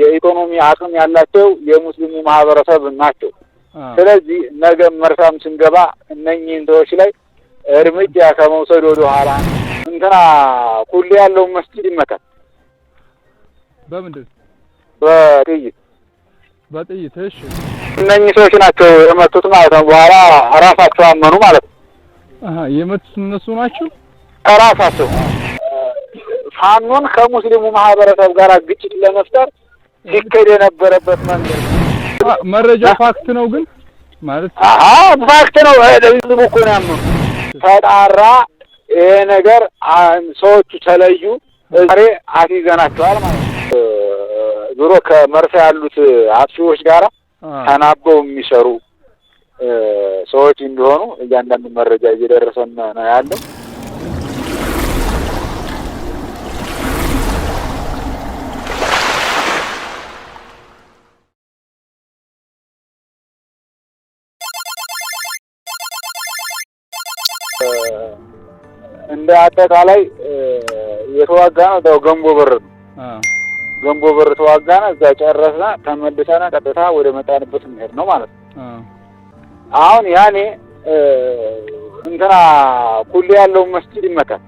የኢኮኖሚ አቅም ያላቸው የሙስሊሙ ማህበረሰብ ናቸው። ስለዚህ ነገ መርሳም ስንገባ እነኚህን ሰዎች ላይ እርምጃ ከመውሰድ ወደ ኋላ እንትና ሁሌ ያለውን መስጂድ ይመታል። በምንድን በጥይት በጥይት። እሺ እነኚህ ሰዎች ናቸው የመቱት ማለት ነው። በኋላ ራሳቸው አመኑ ማለት ነው። የመቱት እነሱ ናቸው ራሳቸው ፋኖን ከሙስሊሙ ማህበረሰብ ጋር ግጭት ለመፍጠር ሲካሄድ የነበረበት መንገድ መረጃ ፋክት ነው ግን ማለት ፋክት ነው። ህዝቡ እኮ ነው ያመኑ። ተጣራ ይሄ ነገር ሰዎቹ ተለዩ። ዛሬ አስይዘናቸዋል ማለት ነው። ዞሮ ከመርሳ ያሉት አጥፊዎች ጋራ ተናበው የሚሰሩ ሰዎች እንደሆኑ እያንዳንዱ መረጃ እየደረሰን ነው ያለው። እንደ አጠቃላይ የተዋጋ ነው ያው ገንቦ በር ነው። ገንቦ በር ተዋጋነ፣ እዛ ጨረስነ፣ ተመልሰነ ቀጥታ ወደ መጣንበት እንሄድ ነው ማለት ነው። አሁን ያኔ እንትና ኩሌ ያለውን መስጂድ ይመታል።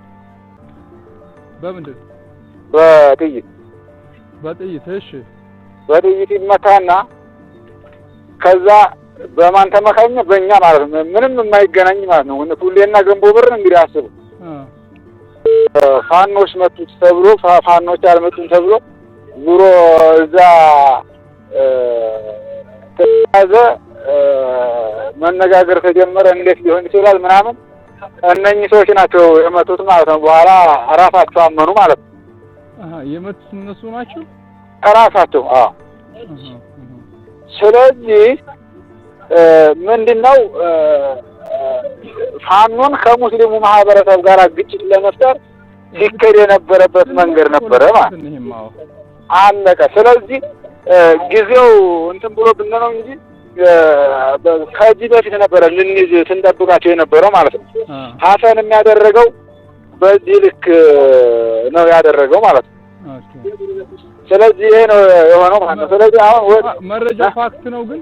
በምንድን በጥይት በጥይት እሺ፣ በጥይት ይመታና ከዛ በማን ተመካኝ በእኛ ማለት ነው። ምንም የማይገናኝ ማለት ነው። ኩሌና ገንቦ በር እንግዲህ አስቡ ፋኖች መጡት ተብሎ ፋኖች አልመጡም ተብሎ ዙሮ እዛ ተያዘ። መነጋገር ተጀመረ። እንዴት ሊሆን ይችላል ምናምን እነኚህ ሰዎች ናቸው የመቱት ማለት ነው። በኋላ ራሳቸው አመኑ ማለት ነው። የመቱት እነሱ ናቸው ራሳቸው። አዎ። ስለዚህ ምንድን ነው ፋኖን ከሙስሊሙ ማህበረሰብ ጋር ግጭት ለመፍጠር ሲካሄድ የነበረበት መንገድ ነበረ ማለት አለቀ። ስለዚህ ጊዜው እንትን ብሎ ብነ እንጂ ከዚህ በፊት ነበረ ልንይዝ ስንጠብቃቸው የነበረው ማለት ነው። ሀሰን የሚያደረገው በዚህ ልክ ነው ያደረገው ማለት ነው። ስለዚህ ይሄ ነው የሆነው ማለት ነው። ስለዚህ አሁን መረጃ ፋክት ነው ግን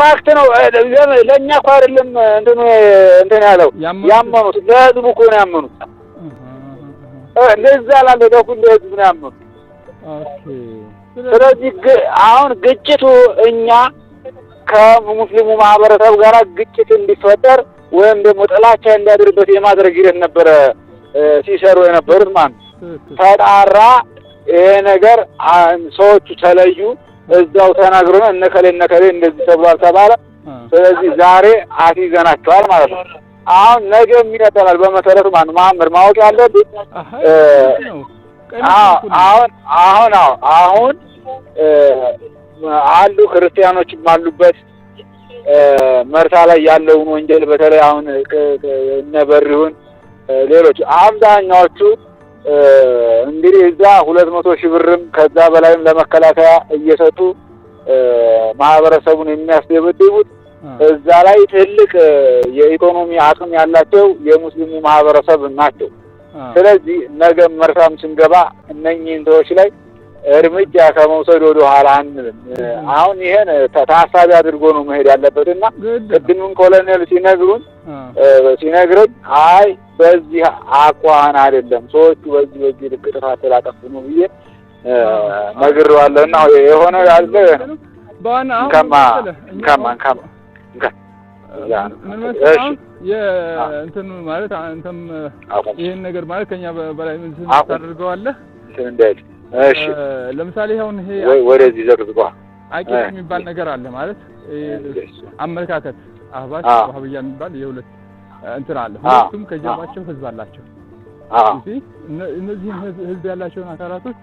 ፋክት ነው። ለእኛ እኮ አይደለም እንትን ያለው ያመኑት ለህዝቡ እኮ ነው ያመኑት። ለዛ ላለ ለሁሉ ህዝብ ነው ያመኑት። ስለዚህ አሁን ግጭቱ እኛ ከሙስሊሙ ማህበረሰብ ጋር ግጭት እንዲፈጠር ወይም ደግሞ ጥላቻ እንዲያድርበት የማድረግ ሂደት ነበረ ሲሰሩ የነበሩት ማለት ነው። ተጣራ ይሄ ነገር ሰዎቹ ተለዩ። እዛው ተናግሮ ነው እነከሌ እነከሌ እንደዚህ ተብሏል ተባለ። ስለዚህ ዛሬ አስይዘናቸዋል ማለት ነው። አሁን ነገ የሚቀጥላል። በመሰረቱ ማነው መሀመድ ማወቅ ያለብህ አሁን አሁን አሁን አሉ ክርስቲያኖችም አሉበት መርሳ ላይ ያለውን ወንጀል በተለይ አሁን እነ በሪሁን ሌሎች አብዛኛዎቹ እንግዲህ እዛ ሁለት መቶ ሺህ ብርም ከዛ በላይም ለመከላከያ እየሰጡ ማህበረሰቡን የሚያስደበድቡት እዛ ላይ ትልቅ የኢኮኖሚ አቅም ያላቸው የሙስሊሙ ማህበረሰብ ናቸው። ስለዚህ ነገ መርሳም ስንገባ እነኚህን ሰዎች ላይ እርምጃ ከመውሰድ ወደ ኋላ አንልም። አሁን ይሄን ታሳቢ አድርጎ ነው መሄድ ያለበትና ቅድምም ኮሎኔል ሲነግሩን ሲነግረኝ አይ በዚህ አኳን አይደለም ሰዎቹ በዚህ በዚህ ልክ ጥፋት ስላጠፉ ነው ብዬ ነግሬዋለሁ። እና የሆነው ያለ እንከማ እንከማ እንከማ የእንትን ማለት አንተም ይህን ነገር ማለት ከኛ በላይ ምን ታደርገዋለህ? እሺ ለምሳሌ አሁን ይሄ ወደዚህ ዘቅዝቋ አቂ የሚባል ነገር አለ ማለት አመለካከት አህባሽ ዋህብያ የሚባል የሁለት እንትን አለ። ሁለቱም ከጀርባቸው ህዝብ አላቸው። እነዚህም ህዝብ ያላቸውን አካላቶች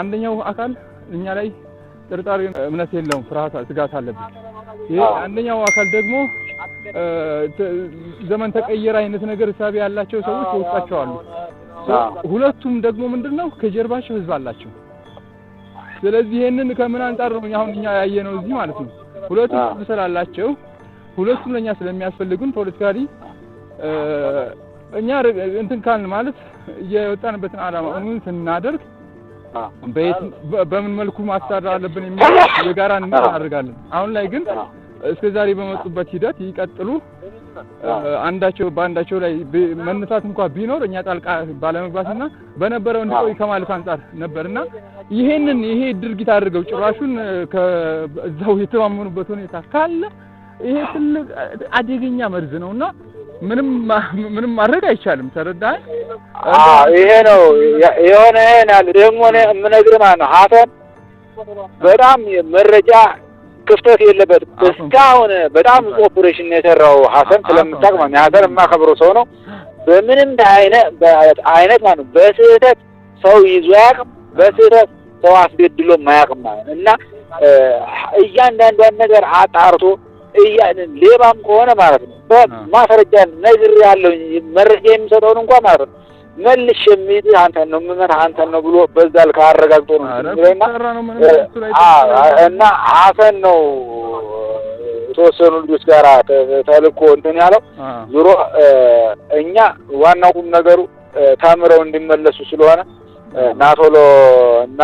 አንደኛው አካል እኛ ላይ ጥርጣሬ እምነት የለውም፣ ፍርሃት፣ ስጋት አለብን። ይሄ አንደኛው አካል ደግሞ ዘመን ተቀየረ አይነት ነገር ሳቢ ያላቸው ሰዎች ወጣቸው አሉ። ሁለቱም ደግሞ ምንድን ነው ከጀርባቸው ህዝብ አላቸው። ስለዚህ ይሄንን ከምን አንጻር ነው አሁን እኛ ያየነው እዚህ ማለት ነው ሁለቱም ስላላቸው ሁለቱም ለእኛ ስለሚያስፈልጉን ፖለቲካሊ እኛ እንትን ካልን ማለት የወጣንበትን ዓላማ እውን ስናደርግ በምን መልኩ ማሳደር አለብን የሚል የጋራ እናደርጋለን። አሁን ላይ ግን እስከ ዛሬ በመጡበት ሂደት ይቀጥሉ፣ አንዳቸው በአንዳቸው ላይ መነሳት እንኳ ቢኖር እኛ ጣልቃ ባለመግባትና በነበረው እንዲቆይ ከማለት አንጻር ነበርና ይሄንን ይሄ ድርጊት አድርገው ጭራሹን ከዛው የተማመኑበት ሁኔታ ካለ ይሄ ትልቅ አደገኛ መርዝ ነውና ምንም ምንም ማድረግ አይቻልም። ተረዳህ? ይሄ ነው የሆነ ያህል ደግሞ የምነግርህ ማለት ነው። ሀሰን በጣም መረጃ ክፍተት የለበትም። እስካሁን በጣም ኦፕሬሽን የሰራው ሀሰን ስለምታውቅ ማለት ነው። ሀሰን የማከብረው ሰው ነው። በምንም አይነት ማለት ነው በስህተት ሰው ይዞ አያውቅም። በስህተት ሰው አስገድሎ አያውቅም ማለት ነው እና እያንዳንዷን ነገር አጣርቶ ሌባም ከሆነ ማለት ነው ማስረጃ ነግር ያለው መረጃ የሚሰጠውን እንኳ ማለት ነው መልሽ የሚል አንተን ነው የምመታ አንተን ነው ብሎ በዛ ልክ አረጋግጦ ነው እና ሀሰን ነው የተወሰኑ ልጆች ጋራ ተልኮ እንትን ያለው ዙሮ እኛ ዋናው ቁም ነገሩ ተምረው እንዲመለሱ ስለሆነ እና ቶሎ እና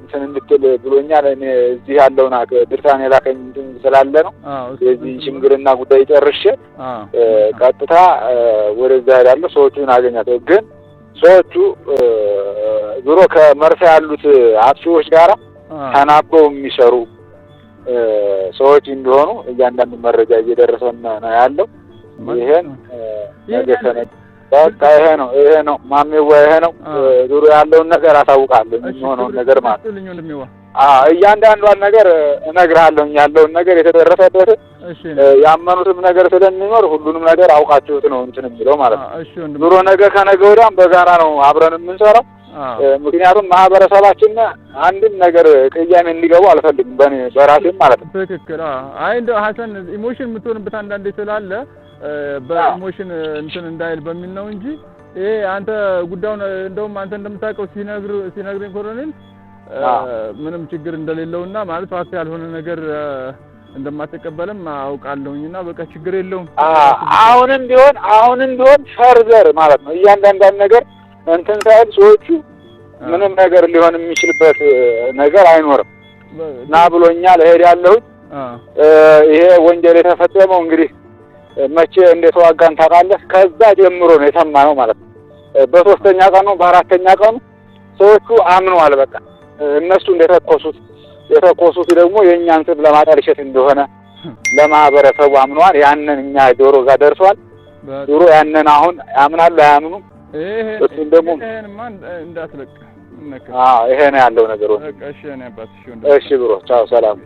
እንትን እንድትል ብሎኛል። እኔ እዚህ ያለውን ብርታን የላከኝ እንትን ስላለ ነው የዚህ ሽምግልና ጉዳይ ጨርሼ ቀጥታ ወደዛ ሄዳለሁ። ሰዎቹን አገኛቸው ግን ሰዎቹ ዞሮ ከመርሳ ያሉት አጥፊዎች ጋራ ተናበው የሚሰሩ ሰዎች እንደሆኑ እያንዳንዱ መረጃ እየደረሰን ነው ያለው ይሄን ነገ በቃ ይሄ ነው ይሄ ነው ማሚዋ፣ ይሄ ነው ዱሮ ያለውን ነገር አሳውቃለሁ። የሚሆነውን ነገር ማለት እያንዳንዷን ነገር እነግርሃለሁ። ያለውን ነገር የተደረሰበት ያመኑትም ነገር ስለሚኖር ሁሉንም ነገር አውቃችሁት ነው እንትን የሚለው ማለት ነው። ዱሮ ነገ ከነገ ወዲያም በጋራ ነው አብረን የምንሰራው። ምክንያቱም ማህበረሰባችን አንድም ነገር ቅያሜ እንዲገቡ አልፈልግም፣ በራሴም ማለት ነው። ትክክል። አይ እንደው ሀሰን ኢሞሽን የምትሆንበት አንዳንዴ ስላለ በኢሞሽን እንትን እንዳይል በሚል ነው እንጂ ይሄ አንተ ጉዳዩን እንደውም አንተ እንደምታውቀው ሲነግር ሲነግረኝ ኮሎኔል ምንም ችግር እንደሌለውና ማለት ፋክት ያልሆነ ነገር እንደማትቀበልም አውቃለሁኝና በቃ ችግር የለውም። አሁንም ቢሆን አሁንም ቢሆን ፈርዘር ማለት ነው እያንዳንዳን ነገር እንትን ሳይል ሰዎቹ ምንም ነገር ሊሆን የሚችልበት ነገር አይኖርም። ና ብሎኛል እሄዳለሁኝ። ይሄ ወንጀል የተፈጸመው እንግዲህ መቼ እንደተዋጋን ታውቃለህ? ከዛ ጀምሮ ነው የሰማነው ማለት ነው። በሶስተኛ ቀኑ በአራተኛ ቀኑ ሰዎቹ አምነዋል። በቃ እነሱ እንደተኮሱት የተኮሱት ደግሞ የእኛን ስም ለማጠልሸት እንደሆነ ለማህበረሰቡ አምነዋል። ያንን እኛ ጆሮ ጋር ደርሷል። ጆሮ ያንን አሁን ያምናሉ አያምኑም። እሱን ደግሞ እንዳትለቅ ይሄ ነው ያለው ነገር። እሺ ብሮ ቻው፣ ሰላም